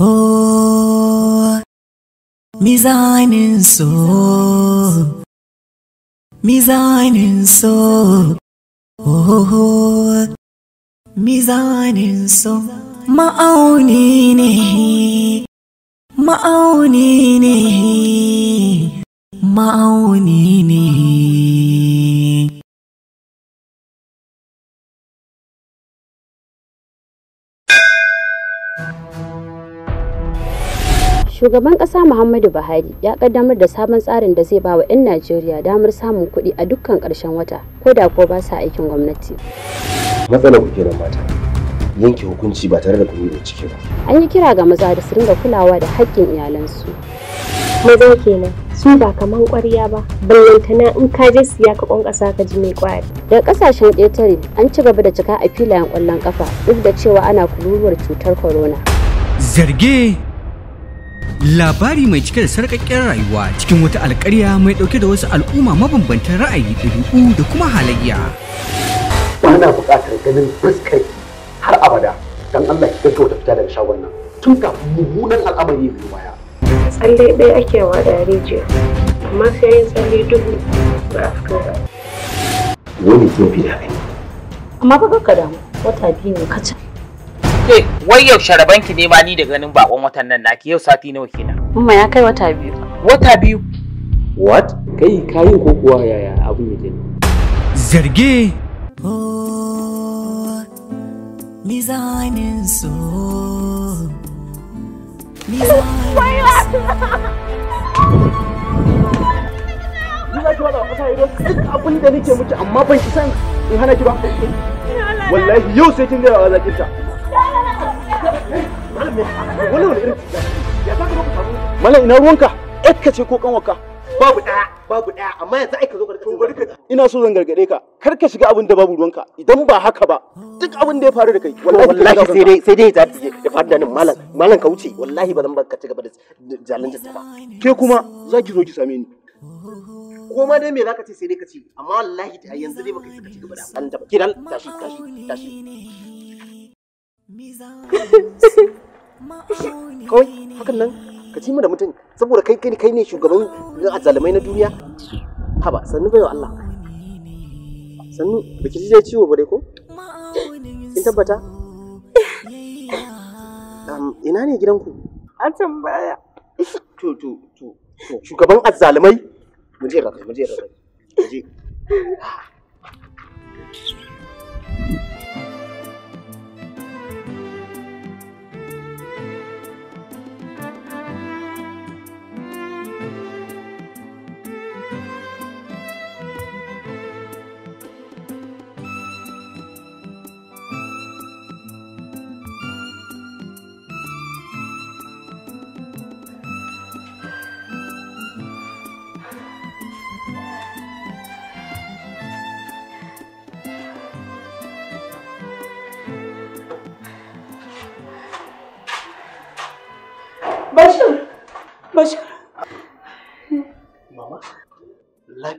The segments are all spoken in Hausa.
ho oh, mizanin so mizanin so ho oh, mizanin so ma'auni ne ma'auni ne ma'auni ne Thank you. Shugaban ƙasa Muhammadu Buhari ya kaddamar da sabon tsarin da zai bawa 'yan Najeriya damar samun kuɗi a dukkan ƙarshen wata, ko da ko ba sa aikin gwamnati. Matsalar ku kenan mata. Yanke hukunci ba tare da kun yi ciki ba. An yi kira ga maza da su ringa kulawa da haƙƙin iyalansu. Maza kenan. su ba kaman ƙwarya ba na in ka je siya ka ƙasa ka ji mai ƙwari. daga ƙasashen ƙetare an ci gaba da cika a filayen ƙwallon ƙafa, duk da cewa ana kururuwar cutar corona zarge labari mai cike da sarƙaƙƙiyar rayuwa cikin wata alƙarya mai ɗauke da wasu al'umma mabambantan ra'ayi ɗabi'u da kuma halayya. Ana buƙatar ganin fuskar har abada don Allah ki gaggauta fita daga shagon nan tun kafin mummunan al'amari ya baya. Tsalle ɗaya ake wa da rijiya amma sai yin tsalle dubu ba a fito ba. Wani kin fi daɗi. Amma ba ka damu wata biyu ne kaca. Ke, wai yau sharabanki ne ma ni da ganin bakon watan nan naki yau sati nawa kenan. Umma ya kai wata biyu. Wata biyu? What? Kai ko kuwa yaya abu ya ne? Zarge. designing so. abin da nake miki amma ban ki san in hana ki ba wallahi yau sai kin zakinta Malam ina ruwanka? Ekka ce ko kanwarka? Babu ɗaya, babu ɗaya, amma yanzu ai ka zo ka Ina so zan gargade ka, kar ka shiga abin da babu ruwanka, idan ba haka ba, duk abin da ya faru da kai, wallahi sai dai sai dai zai ya faru da nan malam, malam ka wuce, wallahi ba zan bar ka ci gaba da ta ba. Ke kuma za ki zo ki same ni. ko ma dai me zaka ce sai dai ka ce amma wallahi da yanzu dai ci gaba da da kiran tashi tashi tashi kawai hakan nan ka ci da mutum saboda kai kai kai ne shugaban azzalumai na duniya haba sannu bai wa Allah sannu ba ki ji ciwo ba ko kin tabbata ina ne gidanku a can baya to to to shugaban azzalumai mu je rabai mu je rabai mu je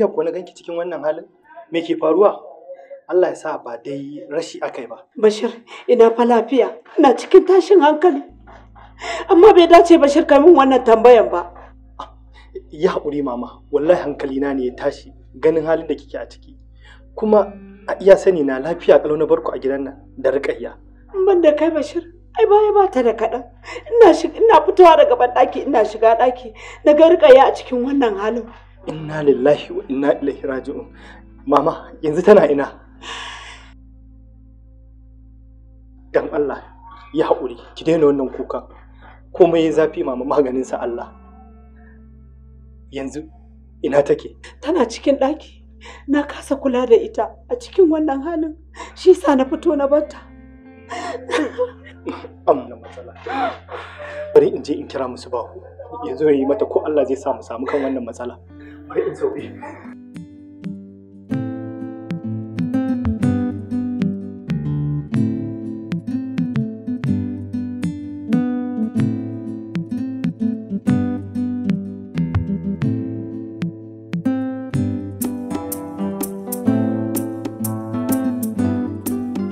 lafiya ko na ganki cikin wannan halin me ke faruwa Allah ya sa ba dai rashi akai ba Bashir ina fa lafiya ina cikin tashin hankali amma bai dace Bashir kai min wannan tambayan ba ah, ya haƙuri mama wallahi hankali na ne ya tashi ganin halin da kike a ciki kuma a iya sani na lafiya kalau na barku a gidan nan da riƙayya ban da kai Bashir ai baya ba ta da kaɗan ina fitowa daga ban ina shiga ɗaki na ga riƙayya a cikin wannan halin inna lillahi wa inna ilaihi raji'un mama yanzu tana ina dan Allah ya haƙuri ki daina wannan kuka komai zafi mama maganin sa Allah yanzu ina take tana cikin ɗaki na kasa kula da ita a cikin wannan halin shi sa na fito na barta amma matsala bari in je in kira musu bahu yanzu ya yi mata ko Allah zai sa mu samu kan wannan matsala وهي نسوي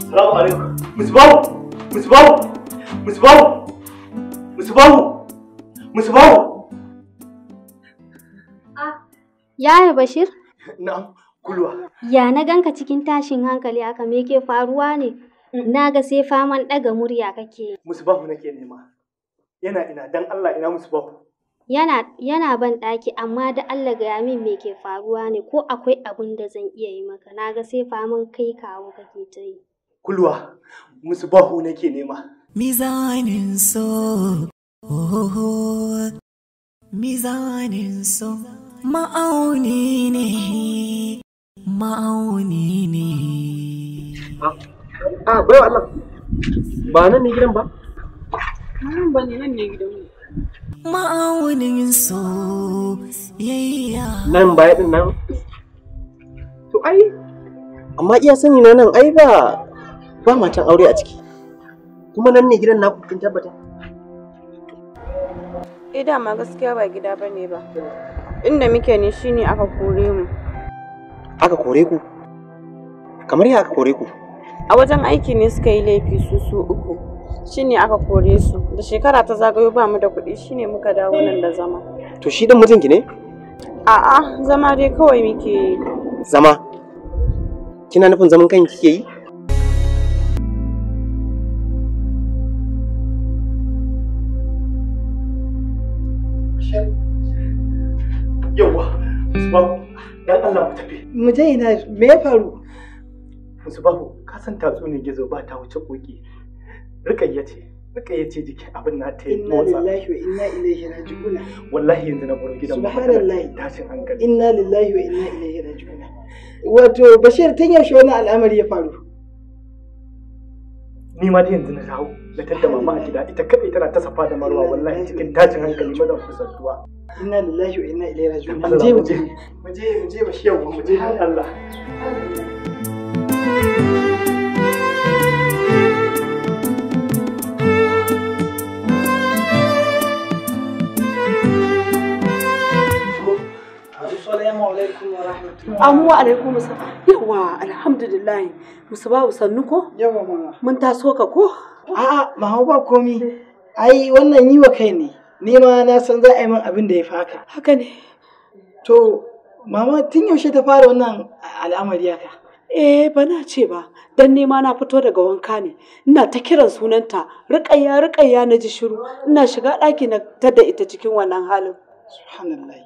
السلام عليكم متبو Yaya Bashir? Na'am, kulwa. Ya na ganka cikin tashin hankali haka me ke faruwa ne? Mm. Na ga sai faman ɗaga murya kake. Musbahu nake nema. Yana ina dan Allah ina musbahu. Yana yana ban ɗaki amma da Allah ga min me ke faruwa ne ko akwai abin da zan iya yi maka. Na ga sai faman kai kawo kake ta yi. Kulwa, musbahu nake nema. Mizanin so. Oh, oh, oh. Mizanin so. ma'auni ne ma'auni ne a ah, bai Allah ba nan ne gidan ba nan ba ne nan ne gidan ma'aunin so yayya nan ba din nan to ai amma iya sani na nan ai ba ba matan aure a ciki kuma nan ne gidan na, kin tabbata eh dama gaskiya ba gida bane ba inda muke ne shine aka kore mu aka kore ku kamar ya aka kore ku a wajen aiki ne suka yi laifi su su uku shine aka kore su da shekara ta zagayo ba mu da kuɗi shine muka dawo nan da zama to shi dan mutunki ne a'a zama dai kawai muke yi zama kina nufin zaman kanki kike yi Dan Allah mu tafi. Mu je ina me ya faru? Musubahu, ka san tatsuniyar gizo ba ta wuce koki. rika yace rukayya ce jiki abin na ta yi motsa. Inna lillahi wa inna ilaihi raji'un. Wallahi yanzu na gurin gidan Subhanallahi. Tashin hankali. Inna lillahi wa inna ilaihi raji'un. Wato Bashir tun yaushe wani al'amari ya faru? ni ma da yanzu na dawo na tadda mama a gida ita kadai tana ta safa da marwa wallahi cikin tashin hankali madan kusantuwa inna lillahi wa inna ilaihi raji'un mu je mu je mu je mu mu je Allah alaikum alaikum assalam. Yawa alhamdulillah. Musubahu sannu ko? Yawa mama. Mun taso ka ko? A'a ma ba komi. Ai wannan yi wa kai ne. Ni ma na san za a yi min abin da ya fi haka. Haka ne. To mama tun yaushe ta fara wannan al'amari haka? Eh bana ce ba, dan nema na fito daga wanka ne, ina ta kiran sunanta, riƙayya riƙayya na ji shiru, ina shiga ɗaki na tada ita cikin wannan halin. Subhanallah.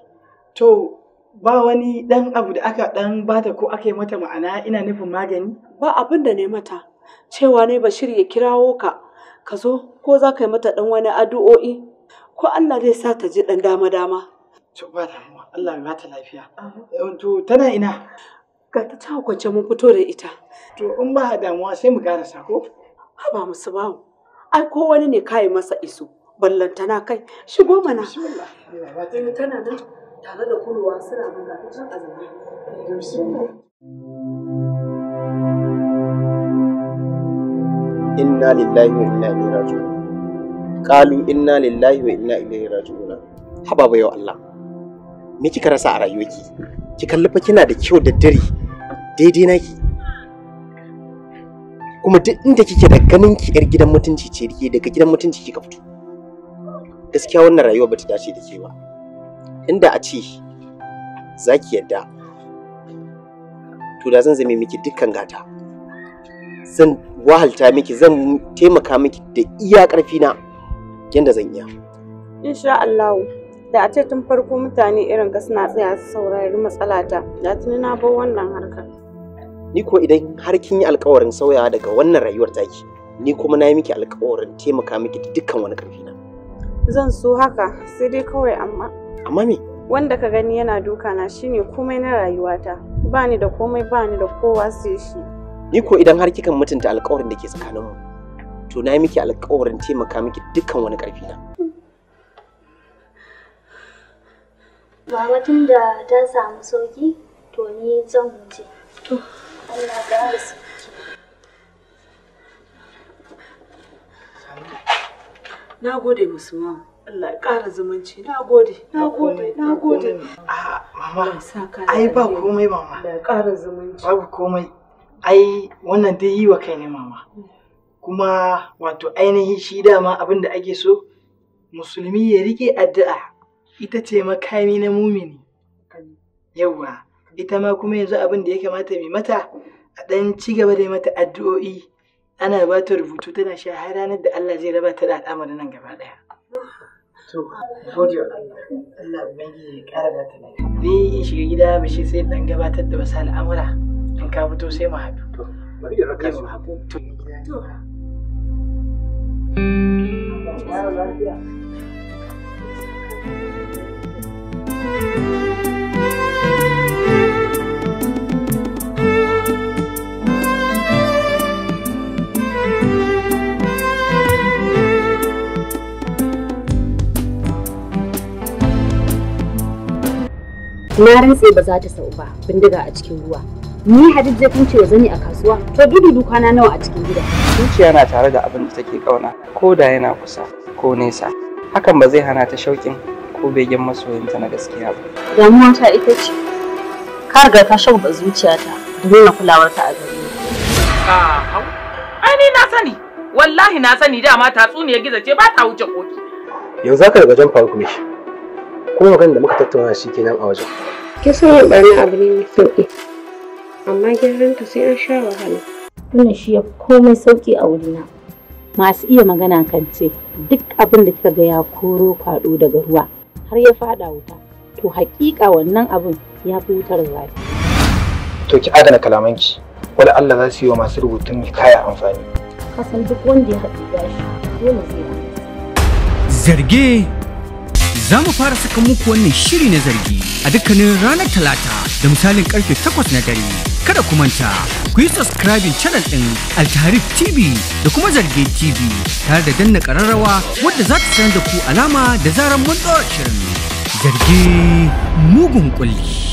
To, ba wani ɗan abu da aka ɗan bata ko aka yi mata ma'ana ina nufin magani? Ba abin da ne mata, cewa ne Bashir ya kirawo ka, ka zo ko za ka yi mata ɗan wani addu'o'i, ko Allah zai sa ta ji ɗan dama-dama. To ba damuwa, Allah ya ta lafiya. To tana ina? Ga ta ta kwance mun fito da ita. To in ba damuwa sai mu sako. ko? ba musu bawo, ai ko wani ne kayi masa iso, ballantana kai, shigo mana. Bismillah. Tana nan. tare da kulwa suna bukataccen azumi. Inna lillahi wa inna ilaihi raji'un. Kalu inna lillahi wa inna ilaihi raji'un. Haba bayo Allah. Me kika rasa a rayuwarki? Ki kalli fa kina da kyau da dare. Daidai naki. Kuma duk inda kike da ganin ki yar gidan mutunci ce daga gidan mutunci kika fito. Gaskiya wannan rayuwa bata dace da ke ba. inda a ce za ki yadda to da zan zame miki dukkan gata zan wahalta miki zan taimaka miki da iya ƙarfina na yadda zan iya insha Allah da a ce tun farko mutane irin ka suna tsaya su saurari matsalata da tuni na bar wannan harkar ni ko idan har kin yi alƙawarin sauyawa daga wannan rayuwar taki ni kuma na yi miki alƙawarin taimaka miki da dukkan wani ƙarfina. na zan so haka sai dai kawai amma amma me wanda ka gani yana duka na shine komai na rayuwata ba ni da komai ba ni da kowa sai shi ni ko idan har kikan mutunta alƙawarin da ke tsakanin mu to na yi miki alƙawarin taimaka miki dukkan wani ƙarfi na Mama tun da ta samu sauki to ni zan wuce. Allah ga Na gode musu mama. Allah ƙara zumunci na gode na gode na gode ah, mama ai ba komai mama Allah ƙara zumunci babu komai ai wannan dai yi wa kai ne mama kuma wato ainihin shi dama abin da ake so musulmi ya rike addu'a ita ce makami na mumini yawa ita ma kuma yanzu abin da ya kamata mai mata a ɗan ci gaba da mata addu'o'i ana ba ta rubutu tana shahara ranar da Allah zai raba ta da al'amarin nan gaba ɗaya to gode wa Allah Allah ya ƙara ta dai in shiga gida ba shi sai dan gabatar da wasu al'amura in ka fito sai mu haɗu to bari ya raka mu haɗu to lafiya na rantse ba za ta sau ba bindiga a cikin ruwa ni hadijja kun ce wa zani a kasuwa to dudu na nawa a cikin gida zuciya na tare da abin da take kauna ko da yana kusa ko nesa hakan ba zai hana ta shauƙin ko begen masoyinta na gaskiya ba damuwa ta ita ce ka riga ka shauƙa zuciyata domin na kulawar ta a gari ni ai ni na sani wallahi na sani dama tatsuniyar tsuniya gizace ba ta wuce koki yanzu ka daga jan farko shi. kuma maganin da muka tattauna shi kenan a wajen kisan waɗannan abu ne mai sauƙi amma gyaran ta sai an sha wahala wannan shi ya komai sauƙi a wurina masu iya magana kan ce duk abin da kika ga ya koro kwaɗo daga ruwa har ya faɗa wuta to haƙiƙa wannan abin ya fi wutar zafi to ki adana kalamanki wani Allah za su yi wa masu rubutun kaya amfani kasan duk wanda ya haɗu gashi, shi dole sai zarge za mu fara saka muku wannan shiri na zargi a dukkanin ranar talata da misalin karfe 8 na dare kada ku manta ku yi subscribing channel din altarif tv da kuma zarge tv tare da danna kararrawa wadda za ta sanar da ku alama da zarar mun ɗora shirin zarge mugun kulli